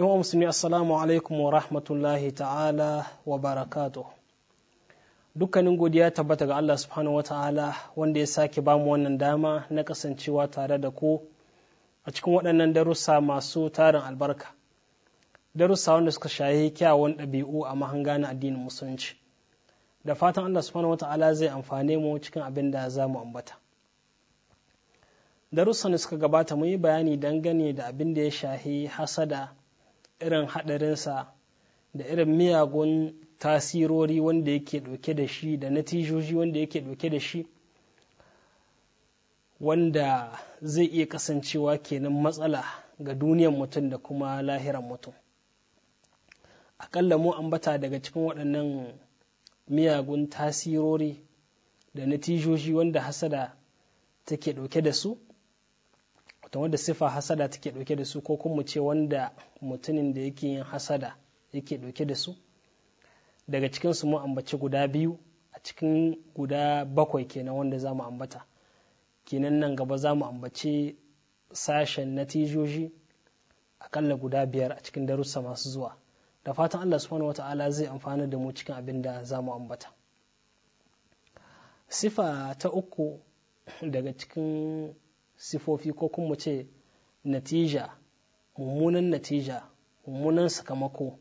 Yawan musulmi assalamu alaikum wa rahmatullahi ta'ala wa barakatuh. Dukkanin godiya tabbata ga Allah subhanahu wa ta'ala wanda ya sake bamu wannan dama na kasancewa tare da ku a cikin waɗannan darussa masu tarin albarka. Darussa wanda suka shahi kyawun ɗabi'u a mahanga na addinin musulunci. Da fatan Allah subhanahu wa ta'ala zai amfane mu cikin abin da za mu ambata. Darussan da suka gabata mu yi bayani dangane da abin da ya shahi hasada irin haɗarinsa da irin miyagun tasirori wanda yake ɗauke da shi da natijoji wanda yake ɗauke da shi wanda zai iya kasancewa kenan matsala ga duniyan mutum da kuma lahiran mutum aƙalla mu ambata daga cikin waɗannan miyagun tasirori da natijoji wanda hasada take ɗauke da su to wanda sifa hasada take dauke da su ko kuma ce wanda mutumin da yake yin hasada yake dauke da su daga cikin su mu ambaci guda biyu a cikin guda bakwai kenan wanda za mu ambata kenan nan gaba za mu ambaci sashen natijoji akalla guda biyar a cikin darussa masu zuwa da fatan Allah subhanahu wata'ala zai amfana da mu cikin abin da za mu ambata sifa ta uku daga cikin sifofi ko kuma ce natija mummunan natija mummunan sakamako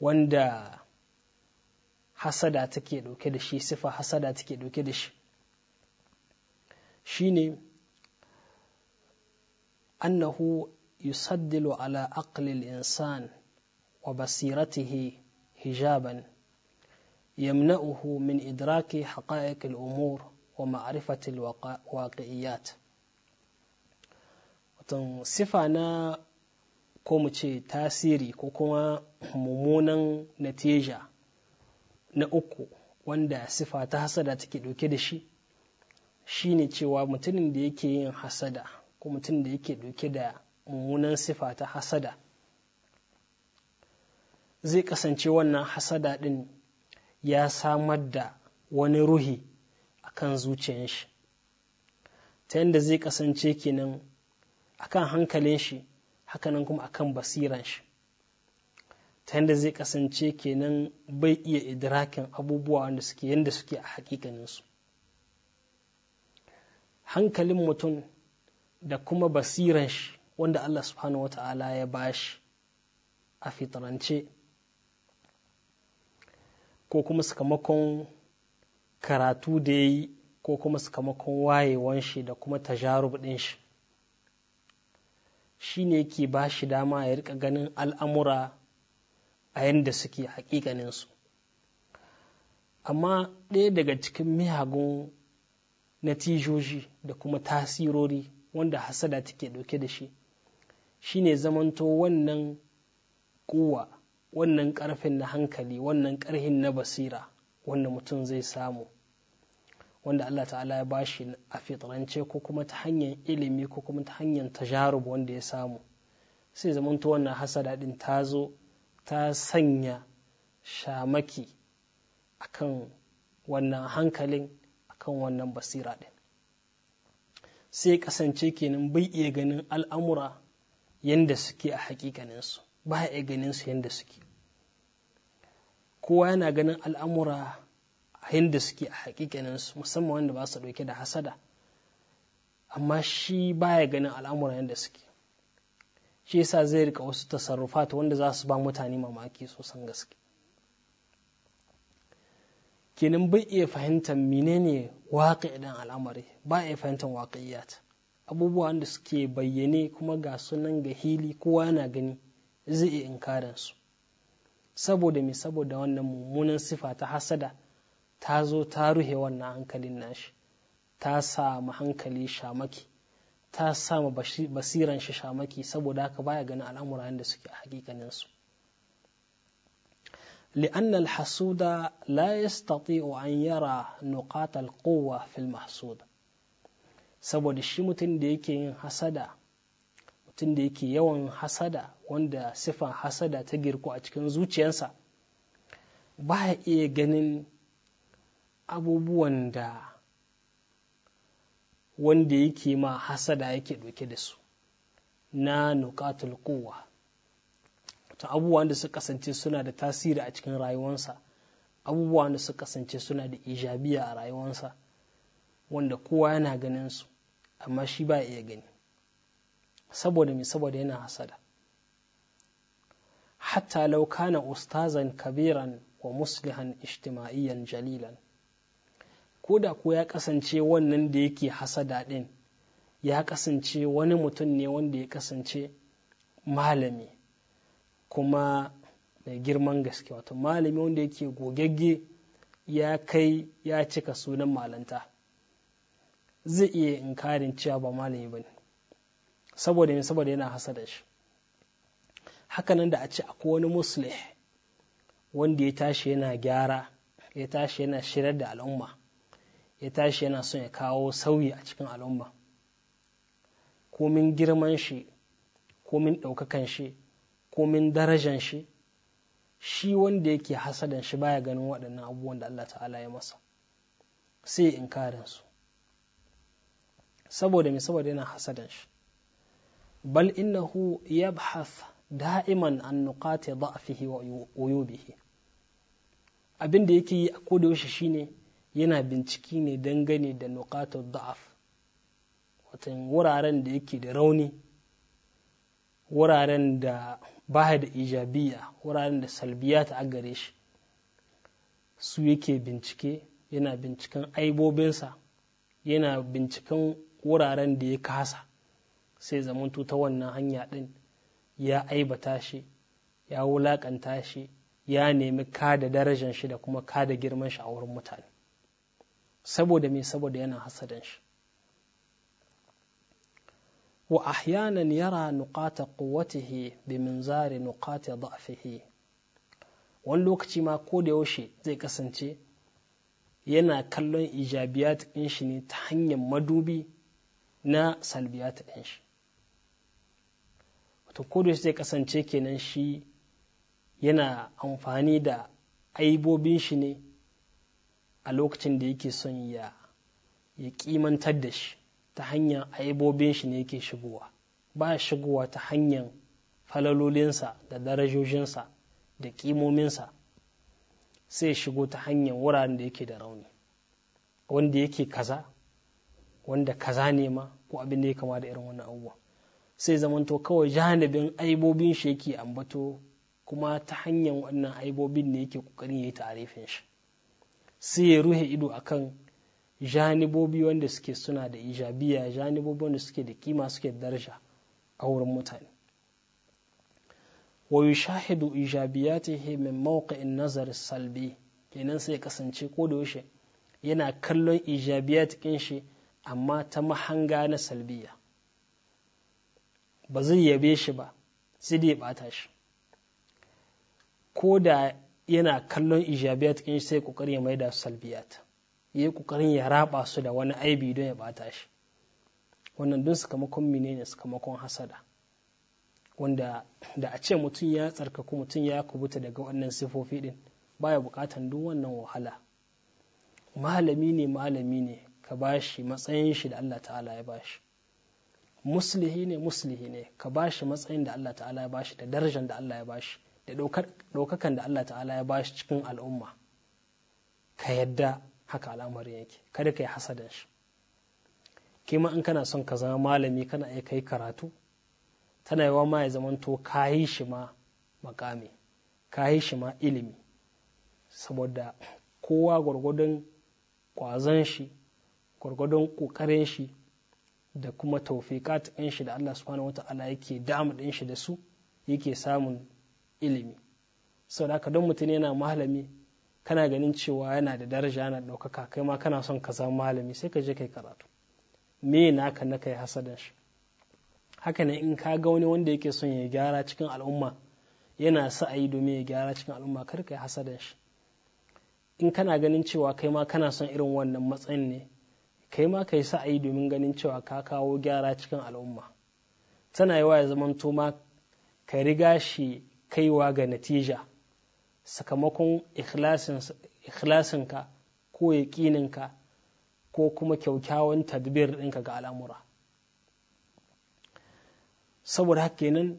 wanda hasada take ɗauke da shi sifa hasada take ɗauke da shi shine annahu yusaddilu ala aqlil insan wa basiratihi hijaban yamna'uhu min idraki haqa'iq al-umur wa ma'arifatil waƙi'iyat watan sifa na ko mu ce tasiri ko kuma mummunan natija na uku wanda sifa ta hasada take ɗauke da shi shine cewa mutumin da yake yin hasada ko mutumin da yake ɗauke da mummunan sifa ta hasada zai kasance wannan hasada ɗin ya samar da wani ruhi Kan zuciyar shi ta yadda zai kasance kenan akan hankalin shi hakanan kuma akan basiran shi ta yadda zai kasance kenan bai iya idrakin abubuwa wanda suke yadda suke a hakikaninsu hankalin mutum da kuma basiran shi wanda Allah subhanahu wa ta'ala ya bashi a fitarance ko kuma sakamakon karatu da ya yi ko kuma sakamakon wayewan shi da kuma tajarub ɗin shi shi ne yake ba shi dama ya rika ganin al'amura a yadda suke haƙiƙaninsu amma ɗaya daga cikin miyagun natijoji da kuma tasirori wanda hasada take ɗauke da shi shine zamanto wannan kuwa wannan ƙarfin na hankali wannan ƙarhin na basira wanda mutum zai samu wanda Allah ta'ala ya bashi a fitrance ko kuma ta hanyar ilimi ko kuma ta hanyar tajarub wanda ya samu sai zamanto wannan hasada din ta zo ta sanya shamaki akan wannan hankalin akan wannan basira din sai kasance kenan bai iya ganin al'amura yanda suke a hakikaninsu ba ya ganin su yanda suke kowa yana ganin al'amura hinda suke a haƙiƙaninsu musamman wanda ba su ɗauke da hasada amma shi baya ganin al'amuran yadda suke shi yasa zai rika wasu ta wanda za su ba mutane mamaki sosan gaske kenan bai iya fahimtar menene waƙi idan al'amari ba iya fahimtar waƙiyat abubuwan da suke bayyane kuma ga sunan ga hili kowa yana gani zai iya inkarin saboda me saboda wannan mummunan sifa ta hasada ta zo ta ruhe wannan hankalin nashi ta samu hankali shamaki ta samu basiran shi shamaki saboda haka baya ganin al'amura da suke a hakikanin su لأن الحسود لا يستطيع أن يرى نقاط القوة في المحسود saboda shi mutum da yake yin حسدا mutum yake yawan hasada wanda sifan hasada ta girku a cikin zuciyarsa ba ya iya ganin abubuwan da wanda yake ma hasada yake ɗauke da su na nukatul kowa ta abubuwan da su kasance suna da tasiri a cikin rayuwansa abubuwan da su kasance suna da ijabiya a rayuwansa wanda kowa yana ganin su amma shi ba iya gani saboda mai saboda yana hasada hatta laukana ustazan kabiran wa muslihan ijtima'iyyan jalilan ko da ko ya kasance wannan da yake hasada ɗin ya kasance wani mutum ne wanda ya kasance malami kuma mai girman gaske wato malami wanda yake gogegge ya kai ya cika sunan malanta zai iya inkarin cewa ba malami ba ne saboda saboda yana hasada shi hakanan da a ce akwai wani musulih wanda ya tashi yana gyara ya tashi yana shirar da al'umma ya tashi yana son ya kawo sauyi a cikin al'umma komin girman shi komin ɗaukakan shi komin darajan shi shi wanda yake hasadan shi baya ganin waɗannan abubuwan da Allah ta'ala ya masa sai karin su saboda mai saboda yana hasadan shi bal innahu yabhath da'iman an nuqati da'fihi wa uyubihi abin da yake yi a koda yaushe shine yana binciki ne dangane da nukatar da'af watan wuraren da yake da rauni wuraren da ba da ijabiya wuraren da salbiya ta gare shi su yake bincike yana binciken aibobinsa yana binciken wuraren da ya kasa sai zamantu ta wannan hanya din ya aibata shi ya wulaƙanta shi ya nemi kada darajan shi da kuma kada girman shi a wurin mutane saboda me saboda yana hasadan shi wa ahyanan yara nuqata quwwatihi bi minzari nuqati da'fihi wani lokaci ma ko da yaushe zai kasance yana kallon ijabiyat ɗin shi ne ta hanyar madubi na salbiyat ɗin shi wato ko da zai kasance kenan shi yana amfani da aibobin shi ne a lokacin da yake son ya ya kimantar da shi ta hanyar aibobin shi ne yake shigowa ba shigowa ta hanyar falalolinsa da darajojinsa da kimominsa sai shigo ta hanyar wuraren da yake da rauni wanda yake kaza wanda kaza ne ma ko abin da ya kama da irin wannan abubuwa sai zamanto kawai janibin aibobin shi yake ambato kuma ta hanyar wannan aibobin ne yake kokarin ya yi tarifin shi sai ya ruhe ido a akan janibobi wanda suke suna da ijabiya janibobi wanda suke da kima suke da daraja a wurin mutane wa yushahidu ijabiyatihi min mawqi'in nazar salbi kenan sai ya kasance ko da yaushe yana kallon ijabiyat kin shi amma ta mahanga na salbiya ba zai yabe shi ba sai dai ya bata shi ko da yana kallon ijabiyat in sai kokari ya maida su salbiyat yayi kokarin ya raba su da wani aibi don ya bata shi wannan dun sakamakon menene sakamakon hasada wanda da a ce mutum ya tsarkaku mutum ya kubuta daga wannan sifofi din baya bukatan duk wannan wahala malami ne malami ne ka bashi matsayin shi da Allah ta'ala ya bashi muslihi ne muslihi ne ka bashi matsayin da Allah ta'ala ya bashi da darajar da Allah ya bashi da ɗaukakan da Allah ta'ala ya bashi cikin al'umma ka yadda haka al'amarin yake kada ka yi hasadan shi kima in kana son ka zama malami kana iya kai karatu tana yawa ma ya zamanto ka yi shi ma makami ka yi shi ma ilimi saboda kowa gwargwadon kwazon shi gwargwadon ƙoƙarin shi da kuma ta ɗin shi da Allah subhanahu ta'ala yake damu ɗin shi da su yake samun ilimi sau da don mutum yana malami kana ganin cewa yana da daraja yana ɗaukaka kai ma kana son ka zama malami sai ka je kai karatu me na ka na kai hasadan shi haka ne in ka ga wani wanda yake son ya gyara cikin al'umma yana sa a yi domin ya gyara cikin al'umma kar kai hasadar shi in kana ganin cewa kai ma kana son irin wannan matsayin ne kai ma kai sa a yi domin ganin cewa ka kawo gyara cikin al'umma tana yawa ya zamanto ma ka riga shi kaiwa ga natija sakamakon ikhlasinka ko yaƙininka ko kuma kyaukyawan tadbir ɗinka ga al'amura saboda haka kenan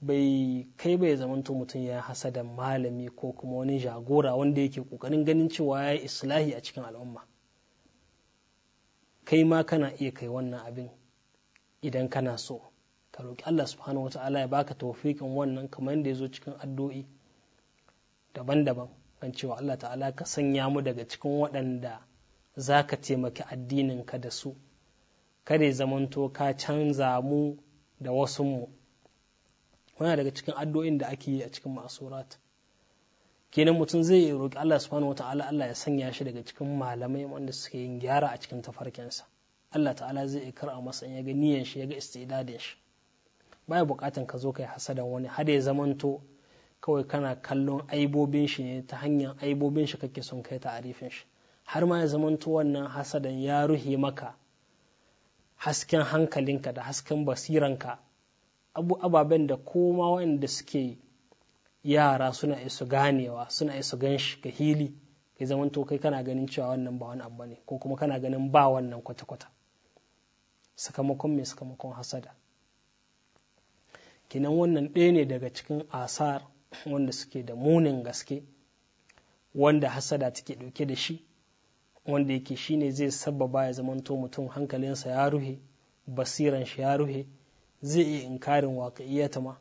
bai kai bai zamanto mutum ya hasa da malami ko kuma wani jagora wanda yake ƙoƙarin ganin cewa ya yi islahi a cikin al'umma kai ma kana iya kai wannan abin idan kana so ka roƙi Allah subhanahu ta'ala ya baka tawfiqin wannan kamar yadda ya zo cikin addu'o'i daban-daban kan cewa Allah ta'ala ka sanya mu daga cikin waɗanda za ka taimaki addininka da su kare zamanto ka canza mu da wasu mu. wani daga cikin addu'o'in da ake yi a cikin ma'asurat kenan mutum zai yi roƙi Allah subhanahu ta'ala Allah ya sanya shi daga cikin malamai wanda suke yin gyara a cikin tafarkinsa Allah ta'ala zai iya a masa ya ga niyyar shi ya ga istidadin shi baya bukatan ka zo kai hasadan wani har ya zamanto kawai kana kallon aibobin shi ne ta hanyar aibobin shi kake son kai ta'arifin shi har ma ya zamanto wannan hasadan ya ruhe maka hasken hankalinka da hasken basiranka ababen da koma waɗanda suke yara suna isu ganewa suna isu ganshi ga hili kai zamanto kai kana ganin cewa wannan ba wani abu ne ko kuma kana ganin ba wannan kwata-kwata sakamakon mai sakamakon hasada kinan wannan ɗaya ne daga cikin asar wanda suke da munin gaske wanda hasada take ɗauke da shi wanda yake ne zai sababa ya zamanto mutum hankalinsa ya ruhe basiran shi ya ruhe zai iya inkarin waƙiyyata ma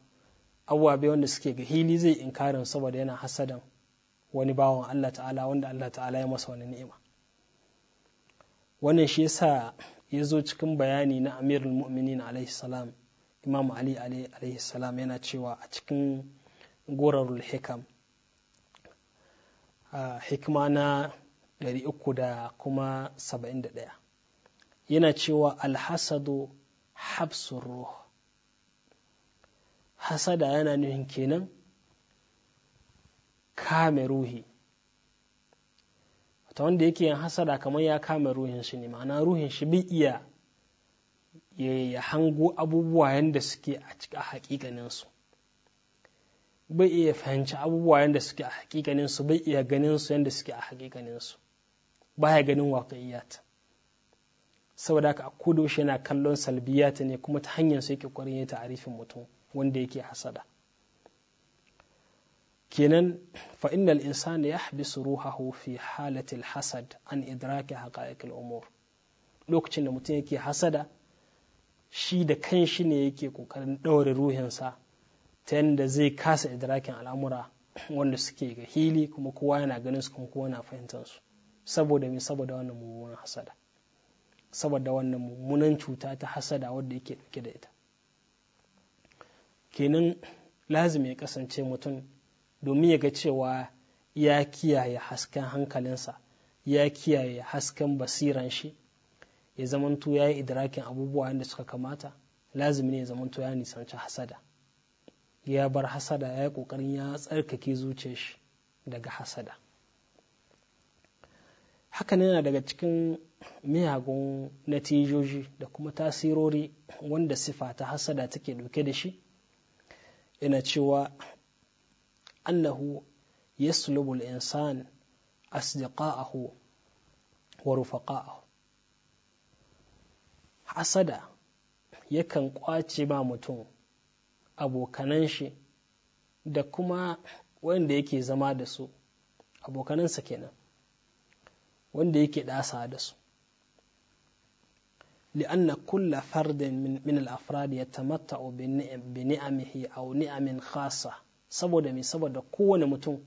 abubuwa wanda suke ga hili zai inkarin saboda yana hasadan wani bawan Allah ta'ala wanda Allah ta'ala ya masa wani ni'ima wannan shi yasa ya zo cikin bayani na amirul mu'minin alaihi salam imamu ali alaihi salam yana cewa a cikin gorarul hikam hikma na 371 yana cewa alhasadu hafsun ruh hasada yana nuhin kenan kame ruhi ta wanda yake yin hasada kamar ya kame ruhin shi ne ma'ana ruhin shi bai iya ya hango abubuwa yadda suke a su bai iya fahimci abubuwa yadda suke a su bai iya ganin su yadda suke a ba ya ganin waƙaiyat saboda haka a shi yana kallon salbiyata ne kuma ta hanyar su yake kwarin a arifin mutum wanda yake hasada kenan fa innal ya su ruhahu fi halatil hasad an idraki haqa'iqil umur lokacin da mutum yake hasada shi da kan shi ne yake kokarin ɗaure ruhinsa ta yadda zai kasa idrakin al'amura wanda suke ga hili kuma kowa yana ganin su kuma kowa na fahimtar su saboda mai saboda wannan mummunan hasada saboda wannan mummunan cuta ta hasada wadda yake ɗauke da ita kenan lazim ya kasance mutum domin ya ga cewa ya kiyaye hasken hankalinsa ya kiyaye hasken basiran shi ya zamanto ya yi idrakin abubuwa yadda suka kamata lazimi ne ya zamanto ya nisanci hasada ya bar hasada ya yi ƙoƙarin ya tsarkake zuciyar shi daga hasada hakan yana daga cikin miyagun natijoji da kuma tasirori wanda sifa ta hasada take ɗauke da shi yana cewa annahu yaslubul insan asdiqa'ahu wa rufaqa'ahu asada yakan ƙwace ba mutum abokanan shi da kuma wanda yake zama da su abokanansa kenan wanda yake ɗasa da su لأن kulla فرد من, من ya يتمتع بنعمه أو نعم خاصة saboda mai saboda kowane mutum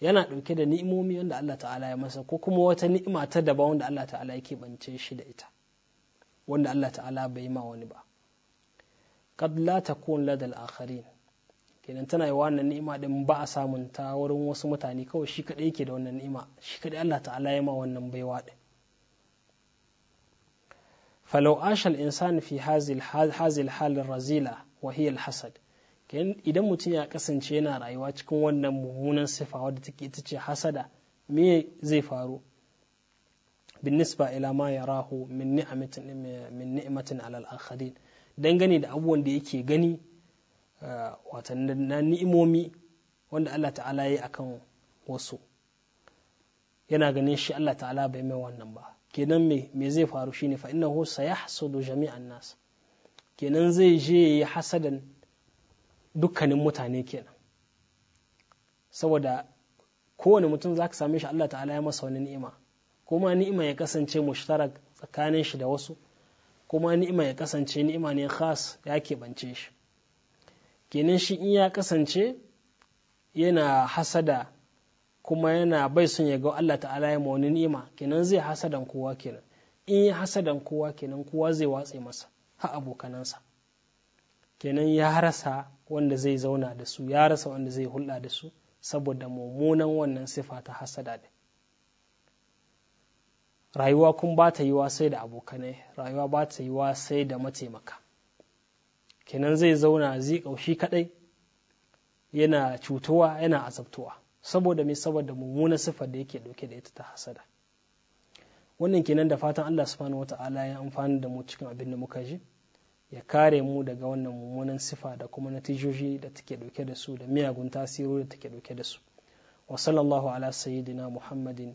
yana ɗauke da ni'imomi wanda Allah ta'ala ya masa ko kuma wata ni'ima ta daban wanda Allah ta'ala ya bance shi da ita wanda Allah ta'ala bai ma wani ba kad la takun ladal akharin kenan tana yi wannan ni'ima din ba a samun ta wurin wasu mutane kawai shi kadai yake da wannan ni'ima shi kadai Allah ta'ala ya ma wannan baiwa din falau ashal insan fi hazil halin razila wa hiya hasad idan mutum ya kasance yana rayuwa cikin wannan mummunan sifa wadda take ita ce hasada me zai faru بالنسبة ila ma يراه من min من نعمة على الآخرين dangane da abubuwan da yake gani watan na ni'imomi wanda Allah ta'ala ya akan wasu yana ganin shi Allah ta'ala bai mai wannan ba kenan me zai faru shine fa innahu sayahsudu jami'an nas kenan zai je yayi hasadan dukkanin mutane kenan saboda kowane mutum zaka same shi Allah ta'ala ya masa wani ni'ima kuma ni'ima ya kasance mushtarak tsakanin shi da wasu kuma ni'ima ya kasance ni'ima ne khas ya keɓance shi kenan shi in ya kasance yana hasada kuma yana bai son ya ga Allah ta'ala ya wani ni'ima kenan zai hasadan kowa kenan in ya hasadan kowa kenan kowa zai watse masa ha abokanansa kenan ya rasa wanda zai zauna da su ya rasa wanda zai hulɗa da su saboda mummunan wannan sifa ta hasada din rayuwa kun ba ta yiwa sai da abokanai rayuwa ba ta yiwa sai da mataimaka kenan zai zauna zai kaushi kaɗai yana cutuwa yana azabtuwa saboda mai saboda mummunan siffar da yake dauke da ita ta hasada wannan kenan da fatan Allah subhanahu wata'ala ya amfani da mu cikin abin da muka ji ya kare mu daga wannan mummunan sifa da kuma natijoji da take dauke da su da miyagun tasiri da take dauke da su wa sallallahu ala sayyidina muhammadin